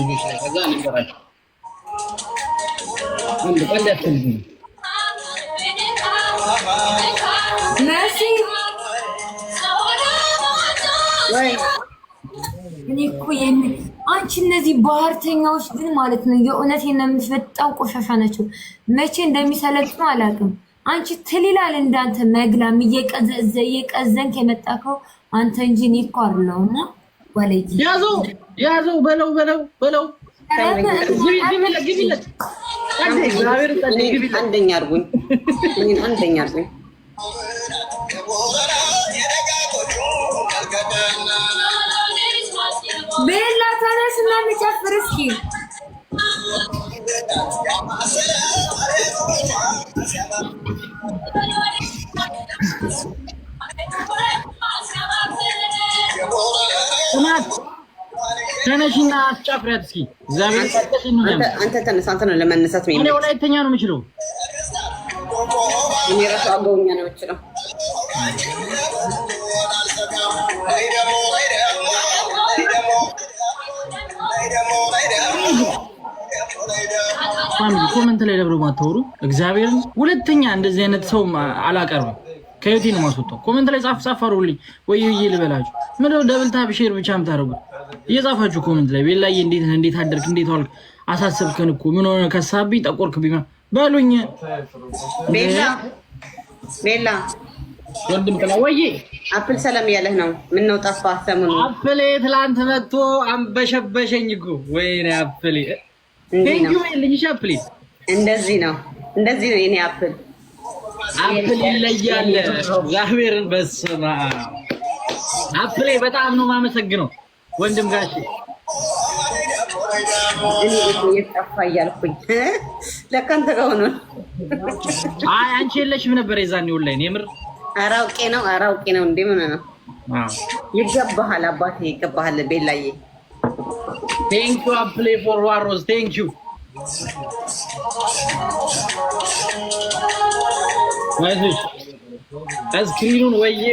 ልጆች ላይ ከዛ ነገራቸው አንድ ቀን አንቺ እነዚህ ባህርተኛዎች ግን ማለት ነው የእውነት የምልሽ በጣም ቆሻሻ ናቸው። መቼ እንደሚሰለጥኑ አላውቅም። አንቺ ትልላል እንዳንተ መግላም እየቀዘንክ የመጣከው አንተ እንጂ እኔ እኮ አይደለሁም እና ያዘው ያዘው በለው በለው በለው። አንደኛ ቤላ ተነስ እና እንጨፍር እስኪ። ስማት ተነሽና አስጨፍሪያት እስኪ እግዚአብሔር አንተ ተነሳ። አንተ ነው ለመነሳት ነው። ወላይተኛ ነው የምችለው። እኔ ራሱ አገውኛ ነው የምችለው። ኮመንት ላይ ደብረ ማታወሩ እግዚአብሔርን ሁለተኛ እንደዚህ አይነት ሰው አላቀርብም። ከህይወቴ ነው የማስወጣው። ኮመንት ላይ ጻፍ ጻፍ ወይ ይይ ልበላችሁ ምን ነው ደብል ታብ ሼር ብቻ የምታደርጉ እየጻፋችሁ ኮሜንት ላይ ላይ እንዴት እንዴት አደርክ እንዴት ዋልክ አሳሰብከን እኮ ምን ሆነ ከሳብኝ ጠቆርክ ቢማ በሉኝ። ቤላ ቤላ ወንድም ከላ ወይ አፕል ሰላም እያለህ ነው። ምን ነው ጠፋህ ሰሞኑን? አፕሌ ትላንት መጥቶ አንበሸበሸኝ እኮ ወይ ነው አፕሌ ቴንክ ዩ ልጅሽ አፕሌ እንደዚህ ነው እንደዚህ ነው የኔ አፕል አፕል ይለያል። እግዚአብሔርን በስመ አብ አፕሌ በጣም ነው የማመሰግነው ወንድም ጋሽ እኔ የጠፋ እያልኩኝ ለካ ጋር ሆኖ አይ አንቺ የለሽም ነበር የዛኔ ኦንላይን። የምር ኧረ ነው አራውቄ ነው። እንዴ ምን ነው ይገባሃል፣ አባቴ ይገባሃል። ቤላዬ ቴንክ ዩ አፕሌ ፎር ዋሮዝ ቴንክ ዩ እስክሪኑን ወይዬ